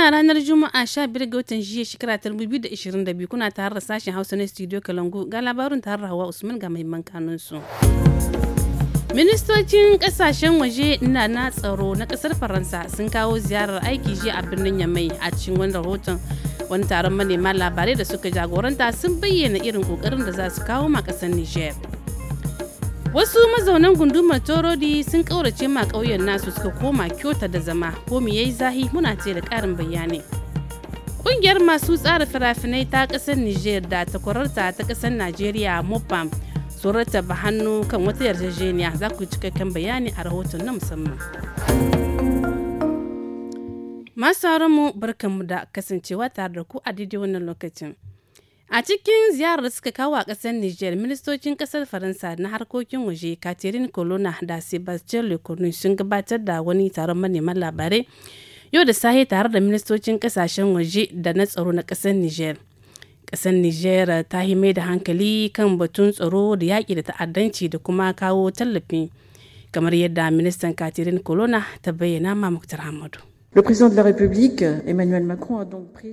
Muna ranar Juma'a 15 ga watan jiya shekara 2022 kuna tare da sashen Hausa na Studio Kalangu ga labarin tare Hawa Usman ga mahimman kanunsu. Ministocin kasashen waje na na tsaro na kasar Faransa sun kawo ziyarar aiki jiya a birnin Yamai a cikin wani rahoton wani taron manema labarai da suka jagoranta sun bayyana irin kokarin da za su kawo ma kasar Niger. wasu mazaunan gundumar torodi sun kaurace ma ƙauyen nasu suka koma kyota da zama ko mu yayi zahi muna ce da ƙarin bayani. ƙungiyar masu tsara firafinai ta ƙasar niger da takwararta ta ƙasar najeriya mopam tsorata ba hannu kan wata yarjejeniya za ku cikakken bayani a rahoton na musamman masu mu barkanmu da kasancewa tare da ku a daidai wannan lokacin A cikin ziyarar da suka kawo a ƙasar Nijar, ministocin ƙasar Faransa na harkokin waje Catherine Colonna da Sebastien lecourne sun gabatar da wani taron manema labarai yau da sahi tare da ministocin ƙasashen waje da na tsaro na ƙasar Nijar. Ƙasar Nijar ta yi mai da hankali kan batun tsaro da yaƙi da ta'addanci da kuma kawo tallafi, kamar yadda ministan Catherine Colonna ta bayyana ma Muktar Hamadu.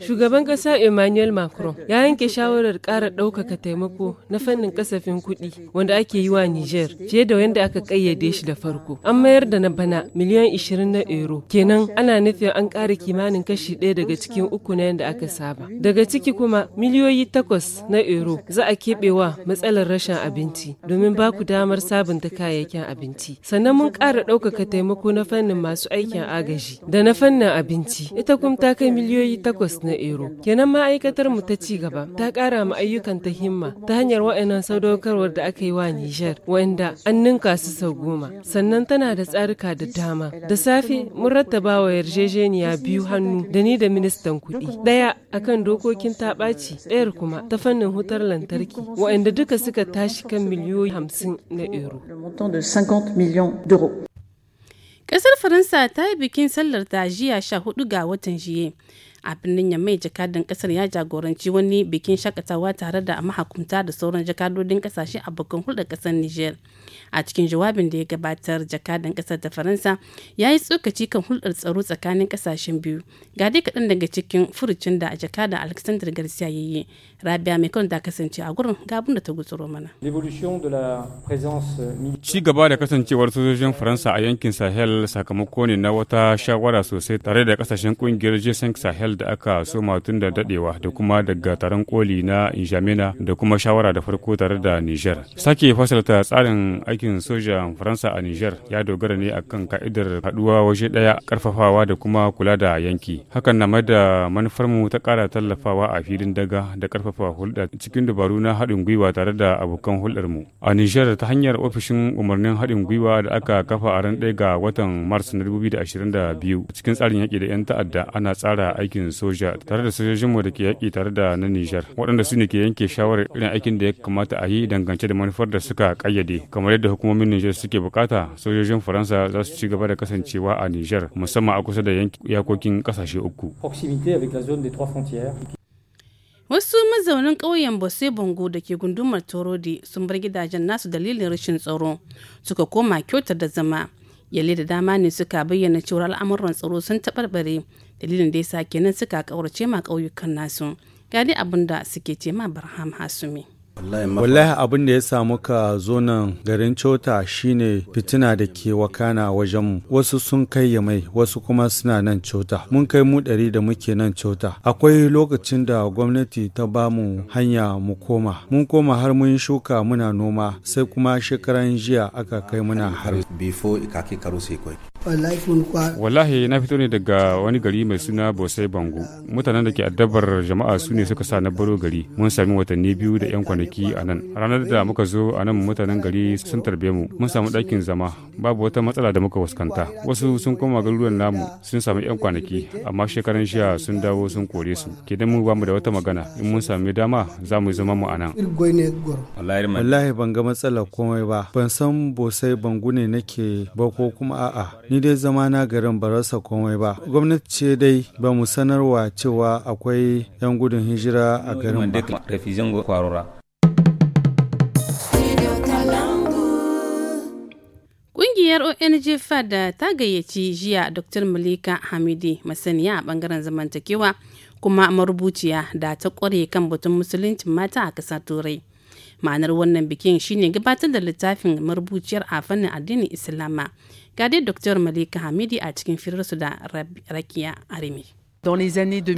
Shugaban ƙasa Emmanuel Macron ya yanke shawarar ƙara ɗaukaka taimako na fannin kasafin kuɗi wanda ake yi wa Niger fiye da wanda aka kayyade shi da farko. An mayar da na bana miliyan 20 na euro. Kenan ana nufin an ƙara kimanin kashi ɗaya daga cikin uku na yadda aka saba. Daga ciki kuma miliyoyi takwas na euro za a wa matsalar rashin abinci domin ba ku damar sabunta kayayyakin abinci. Sannan mun ƙara ɗaukaka taimako na fannin masu aikin agaji da na fannin abinci, ita kuma ta kai miliyoyi takwas na euro. Kenan ma'aikatar mu ta ci gaba, ta ƙara ma ayyukan ta himma ta hanyar wa'annan sadaukarwar da aka yi wa Nijar, wanda an ninka su sau goma. Sannan tana da tsarika da dama. Da safe mun rattaba wa yarjejeniya biyu hannu da ni da ministan kuɗi. Ɗaya akan dokokin ta ɓaci, ɗayar kuma ta fannin hutar lantarki, wa'anda duka suka tashi kan miliyoyi hamsin na euro. kasar Faransa ta yi bikin sallar ta jiya hudu ga watan jiye. a birnin yammai jakadan kasar ya jagoranci wani bikin shakatawa tare da mahakunta da sauran jakadodin kasashe a bakin hulɗar kasar niger a cikin jawabin da ya gabatar jakadan kasar ta faransa ya yi tsokaci kan hulɗar tsaro tsakanin kasashen biyu ga dai kaɗan daga cikin furucin da jakadin alexander garcia ya yi rabia mai kan ta kasance a gurin ga abin da ta gutsuro mana ci gaba da kasancewar sojojin faransa a yankin sahel sakamako ne na wata shawara sosai tare da kasashen kungiyar g sahel da aka soma tun da dadewa da kuma daga taron koli na injamena da kuma shawara da farko tare da niger sake fasalta tsarin aikin sojan faransa a niger ya dogara ne akan ka'idar haduwa waje daya karfafawa da kuma kula da yanki hakan na mai da manufarmu ta kara tallafawa a filin daga da karfafa karfafa hulɗa cikin dabaru na haɗin gwiwa tare da abokan hulɗarmu. A Nijar ta hanyar ofishin umarnin haɗin gwiwa da aka kafa a ran ɗaya ga watan Mars na 2022 cikin tsarin yaƙi da 'yan ta'adda ana tsara aikin soja tare da sojojinmu da ke yaƙi tare da na Nijar waɗanda su ne ke yanke shawarar irin aikin da ya kamata a yi dangance da manufar da suka ƙayyade kamar yadda hukumomin Nijar suke bukata sojojin Faransa za su ci gaba da kasancewa a Nijar musamman a kusa da yakokin kasashe uku. Wasu mazaunan ƙauyen Bose Bongo da ke gundumar Torodi sun bar gidajen nasu dalilin rashin tsaro suka koma kyautar da zama. Yalle da dama ne suka bayyana cewar al'amuran tsaro sun taɓarɓare dalilin da ya sa kenan suka ƙaurace ma ƙauyukan nasu. Gadi abin da suke ce ma Barham Hasumi. wallahi abin da ya samu ka zo nan garin cota shine fitina da ke wakana wajen mu wasu sun kai ya mai wasu kuma suna nan cota mun kai mu ɗari da muke nan cota akwai lokacin da gwamnati ta ba mu hanya mu koma mun koma har mun shuka muna noma sai kuma shekaran jiya aka kai muna hari wallahi na fito ne daga wani gari mai suna bosai bango mutanen da ke addabar jama'a su ne suka sa na baro gari mun sami watanni biyu da yan kwanaki a nan ranar da muka zo a nan mutanen gari sun tarbe mu mun samu ɗakin zama babu wata matsala da muka fuskanta wasu sun koma garuruwan namu sun sami yan kwanaki amma shekaran jiya sun dawo sun kore su ke mu ba mu da wata magana in mun sami dama za mu zama mu a nan wallahi ban ga matsala komai ba ban san bosai bango ne nake ba ko kuma a'a ni dai zama na garin ba rasa komai ba gwamnati ce dai ba mu sanarwa cewa akwai 'yan gudun hijira a garin ba Ƙungiyar ONG FAD ta gayyaci jiya Dr. Malika Hamidi masaniya a bangaren zamantakewa kuma marubuciya da ta ƙware kan batun musulunci mata a ƙasar Turai. Ma'anar wannan bikin shine gabatar da littafin marubuciyar a fannin addinin Islama Gadi Dr. Malika Hamidi a cikin firarsu da Rakiya Arimi. A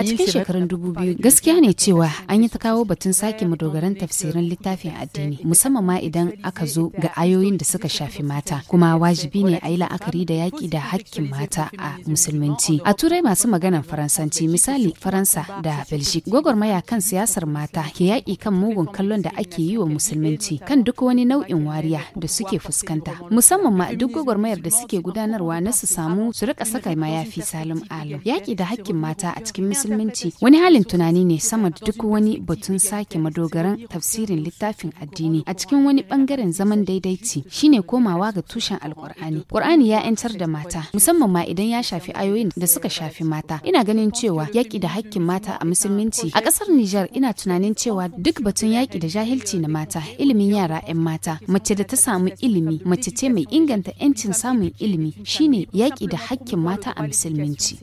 cikin shekarun dubu biyu gaskiya ne cewa an yi ta kawo batun sake madogaran tafsirin littafin addini musamman ma idan aka zo ga ayoyin da suka shafi mata kuma wajibi ne a yi la'akari da yaƙi da hakkin mata a musulmanci A turai masu maganan faransanci misali Faransa da Belgique gwagwarmaya kan siyasar mata ke yaƙi kan mugun kallon da ake yi wa musulmanci kan duk wani nau'in wariya da suke fuskanta musamman ma duk gwagwarmayar da suke gudanarwa na su samu su rika saka mayafi salim alam yaƙi da hakkin mata mata a cikin musulminci wani halin tunani ne sama da duk wani batun sake madogaran tafsirin littafin addini a cikin wani bangaren zaman daidaici shine komawa ga tushen alkur'ani qur'ani ya yantar da mata musamman ma idan ya shafi ayoyin da suka shafi mata ina ganin cewa yaki da hakkin mata a musulminci a kasar Nijar ina tunanin cewa duk batun yaki da jahilci na mata ilimin yara 'yan mata mace da ta samu ilimi mace ce mai inganta 'yancin samun ilimi shine yaki da hakkin mata a musulminci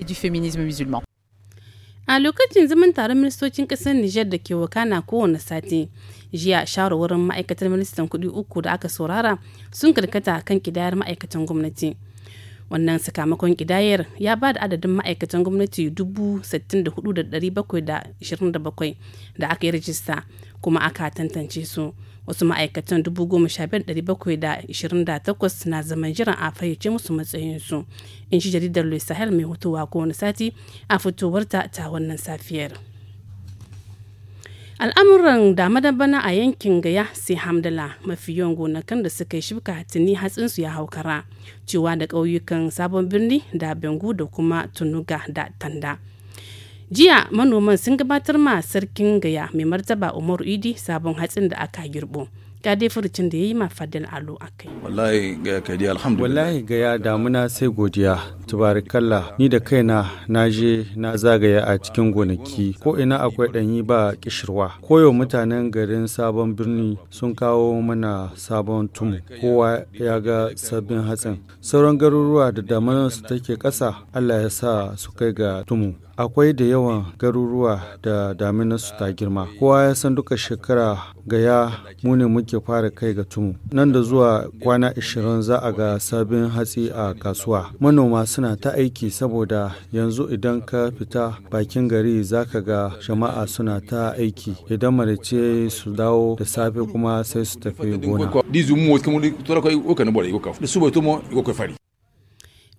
a lokacin zaman taron ministocin ƙasar nijar da ke wakana kowane sati jiya shawarwarin ma'aikatar ministan kuɗi uku da aka saurara sun karkata kan kidayar ma'aikatan gwamnati wannan sakamakon kidayar ya ba da adadin ma'aikatan gwamnati 64,727 da aka yi rajista kuma aka tantance su wasu ma'aikatan 15,728 na zaman jiran a fayyace musu matsayinsu in shi jaridar louis sahel mai hutuwa kowane sati a fitowarta ta wannan safiyar al'amuran da madabana a yankin gaya sai hamdala mafi yawan gonakan da suka yi shibka tuni hatsinsu ya haukara cewa da ƙauyukan sabon birni da bengu da kuma tunuga da tanda jiya manoman sun gabatar ma sarkin gaya mai martaba umaru idi sabon hatsin da aka girbo ga dai furucin da ya yi ma fadil alo a kai. Wallahi gaya kadi alhamdulillah. Wallahi ya damuna sai godiya tubarikalla ni da kaina na je na zagaya a cikin gonaki ko ina akwai ɗanyi ba kishirwa. Koyo mutanen garin sabon birni sun kawo mana sabon tum kowa ya ga sabbin hatsin. Sauran garuruwa da damanar su take ƙasa Allah ya sa su kai ga tumu. akwai da yawan garuruwa da damina su ta girma kowa ya san duka shekara ga ya ne muke fara kai ga tumu nan da zuwa kwana 20 za a ga sabin hatsi a kasuwa manoma suna ta aiki saboda yanzu idan ka fita bakin gari za ka ga jama'a suna ta aiki idan marice su dawo da safe kuma sai su tafi gona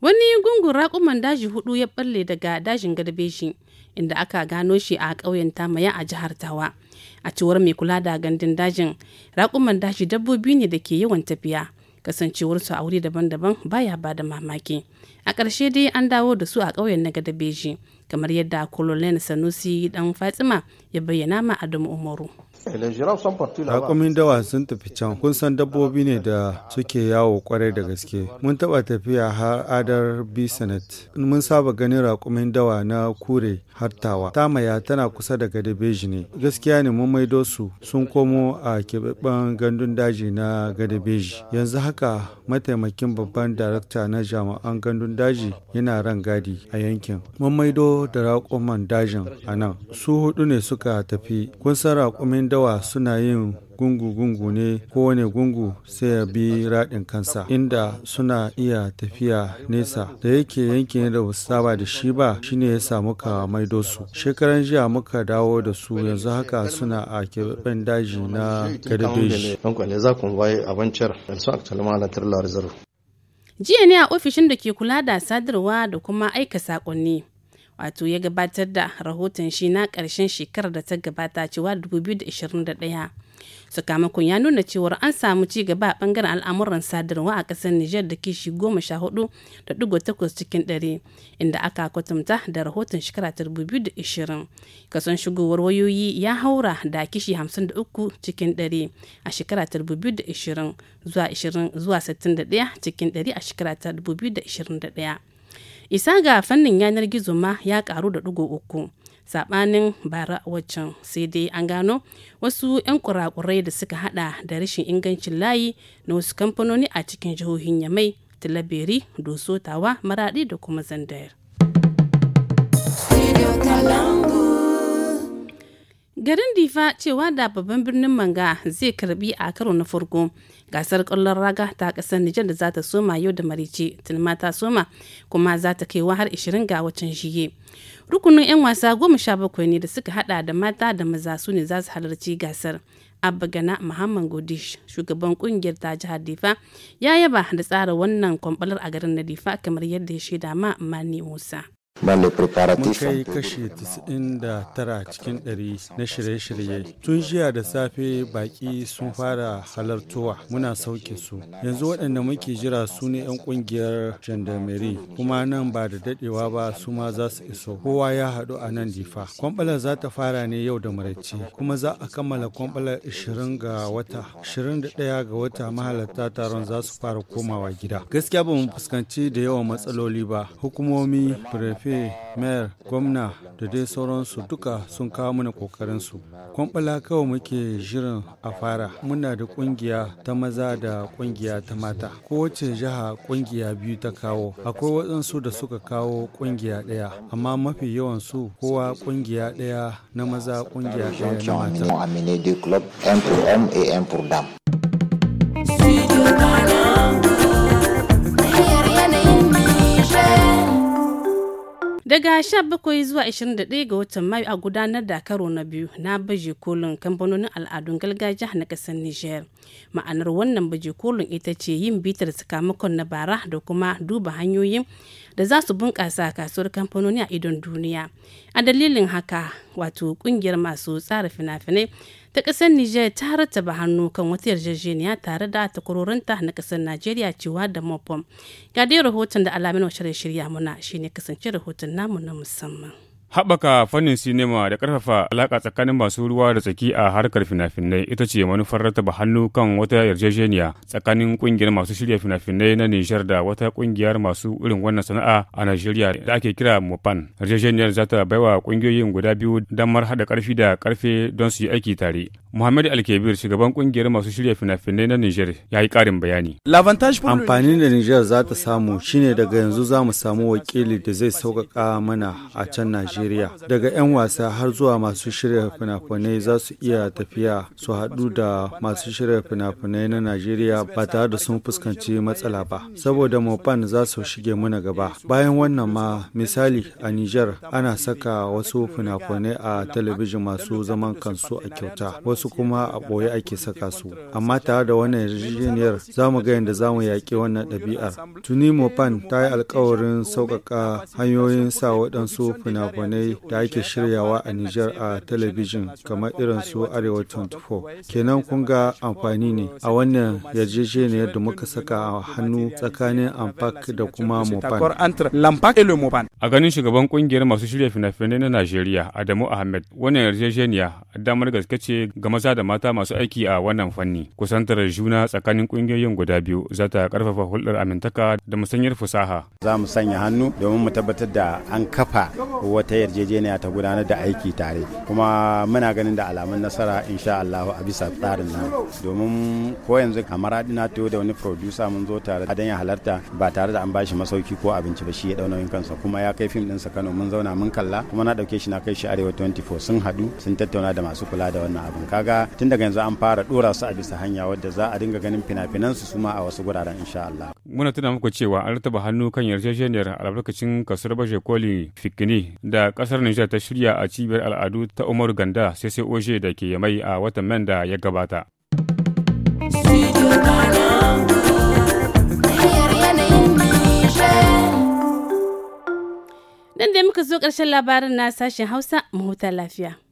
Wani gungun raƙuman daji hudu ya balle daga dajin Garbeji inda aka gano shi a ƙauyen Tamaya a jihar Tawa. A cewar mai kula da gandun dajin, raƙuman daji dabbobi ne da ke yawan tafiya, kasancewarsu a wuri daban-daban baya ba da mamaki. a ƙarshe dai an dawo da su a ƙauyen na gadabeji kamar yadda kololin sanusi dan fatima ya bayyana ma adamu umaru rakumin dawa sun tafi can kun san dabbobi ne da suke yawo kwarai da gaske mun taɓa tafiya har adar bisanet mun saba ganin rakumin dawa na kure hartawa tamaya tana kusa da gadabeji ne gaskiya ne mun maido su sun komo a keɓaɓɓen gandun daji na gadabeji yanzu haka mataimakin babban darakta na jami'an gandun rundun daji yana ran gadi a yankin mun maido da raƙuman dajin a nan su hudu ne suka tafi kun san raƙumin dawa suna yin gungu-gungu ne kowane gungu sai ya bi raɗin kansa inda suna iya tafiya nesa da yake yankin da ba saba da shi ba shine ya samu ka maido su shekaran jiya muka dawo da su yanzu haka suna a keɓaɓɓen daji na gadabeji jiya ne a ofishin da ke kula da sadarwa da kuma aika sakonni wato ya gabatar da rahoton shi na ƙarshen shekarar da ta gabata cewa 2021 sakamakon ya nuna cewar an samu ci gaba a bangaren al'amuran sadarwa a kasar niger da kishi goma sha hudu da digo takwas cikin dare inda aka kwatanta da rahoton shekara ta dubu biyu da ishirin kason shigowar wayoyi ya haura da kishi hamsin da uku cikin dare a shekara ta dubu biyu da ishirin zuwa ishirin zuwa sittin da daya cikin dare a shekara ta dubu biyu da ishirin da daya. isa ga fannin yanar gizo ma ya karu da digo uku sabanin bara waccan sai dai an gano wasu 'yan kurakurai da suka hada da rashin ingancin layi na wasu kamfanoni a cikin jihohin yamai tilaberi dosotawa maraɗi maradi da kuma zandayar garin difa cewa da babban birnin manga zai karbi a karo na farko gasar kallon raga ta kasar nijar da za ta soma yau da marice tun ta soma kuma za ta kaiwa har 20 ga watan shige rukunin 'yan wasa goma sha bakwai ne da suka hada da mata da maza su ne za su halarci gasar abba gana muhammad godish shugaban kungiyar ta jihar difa ya yaba da tsara wannan kwambalar a garin na difa kamar yadda ya shaida ma mani musa Mun kai kashi 99 cikin 100 na shirye-shirye. Tun jiya da safe baƙi sun fara halartowa muna sauke su. Yanzu waɗanda muke jira su ne 'yan ƙungiyar gendarmerie kuma nan ba da daɗewa ba su ma za su iso. Kowa ya haɗu a nan difa. Kwamɓalar za ta fara ne yau da maraice kuma za a kammala kwamɓalar 20 ga wata. 21 ga wata mahalarta taron za su fara komawa gida. Gaskiya ba mu fuskanci da yawan matsaloli ba. Hukumomi, prefe prefe mayor gwamna da dai sauransu duka sun kawo mana kokarinsu kwamfala kawai muke shirin a fara muna da kungiya ta maza da kungiya ta mata kowace jiha kungiya biyu ta kawo akwai waɗansu da suka kawo kungiya ɗaya amma mafi yawan su kowa kungiya ɗaya na maza kungiya ɗaya na mata daga 17 zuwa 21 ga watan mayu a gudanar da karo na biyu na baje kolin kamfanonin al'adun gargajiya na kasar niger ma'anar wannan baje kolin ita ce yin bitar sakamakon na bara da kuma duba hanyoyin da za su bunƙasa kasuwar kamfanoni a idon duniya a dalilin haka wato kungiyar masu tsara fina-finai ta ƙasar Nijar ta rattaba hannu kan wata yarjejeniya tare da takwarorinta na ƙasar Najeriya cewa da Mopom. Ga dai rahoton da alamin shirya muna shine kasance rahoton namu na musamman. Haɓaka fannin sinima da ƙarfafa alaƙa tsakanin masu ruwa da tsaki a harkar fina-finai ita ce manufar rataba hannu kan wata yarjejeniya tsakanin ƙungiyar masu shirya fina-finai na Nijar da wata ƙungiyar masu irin wannan sana'a a Najeriya da ake kira Mopan. Yarjejeniyar za ta baiwa ƙungiyoyin guda biyu damar haɗa ƙarfi da ƙarfe don su yi aiki tare. Muhammad Alkebir shugaban ƙungiyar masu shirya fina-finai na Nijar ya yi ƙarin bayani. Amfanin da Nijar za ta samu shine daga yanzu za mu samu wakili da zai sauƙaƙa mana a can Najeriya. Najeriya. Daga 'yan wasa har zuwa masu shirya fina-finai za su iya tafiya su haɗu da masu shirya fina-finai na Najeriya ba tare da sun fuskanci matsala ba. Saboda Mopan za su shige muna gaba. Bayan wannan ma misali a Nijar ana saka wasu fina-finai a talabijin masu zaman kansu a kyauta wasu kuma a ɓoye ake saka su. Amma tare da wannan yarjejeniyar za mu ga yadda za mu yaƙi wannan ɗabi'ar. Tuni Mopan ta yi alkawarin sauƙaƙa hanyoyin sa waɗansu fina bayanai da ake shiryawa a Nijar a talabijin kamar irin su Arewa 24. Kenan kun ga amfani ne a wannan yarjejeniyar da muka saka a hannu tsakanin Ampak da kuma Mopan. A ganin shugaban kungiyar masu shirya fina-finai na Najeriya Adamu Ahmed wannan yarjejeniya damar gaske ce ga maza da mata masu aiki a wannan fanni. Kusantar juna tsakanin kungiyoyin guda biyu za ta karfafa hulɗar amintaka da musanyar fusaha. Za mu sanya hannu domin mu tabbatar da an kafa wata yarjejeniya ta gudanar da aiki tare kuma muna ganin da alamun nasara insha Allah a bisa tsarin nan domin ko yanzu kamar na to da wani producer mun zo tare da ya halarta ba tare da an bashi masauki ko abinci ba shi ya dauna yin kansa kuma ya kai fim din sa Kano mun zauna mun kalla kuma na dauke shi na kai shi Arewa 24 sun hadu sun tattauna da masu kula da wannan abin kaga tun daga yanzu an fara dora su a bisa hanya wadda za a dinga ganin fina-finan su suma a wasu guraren insha Allah muna tuna muku cewa an rataba hannu kan yarjejeniyar albarkacin kasuwar bashe koli fikini da da kasar Nijar ta shirya a cibiyar al'adu ta umar Ganda CCOJ da ke mai a watan man da ya gabata. Nan da muka zo ƙarshen labarin na sashen Hausa mu huta lafiya.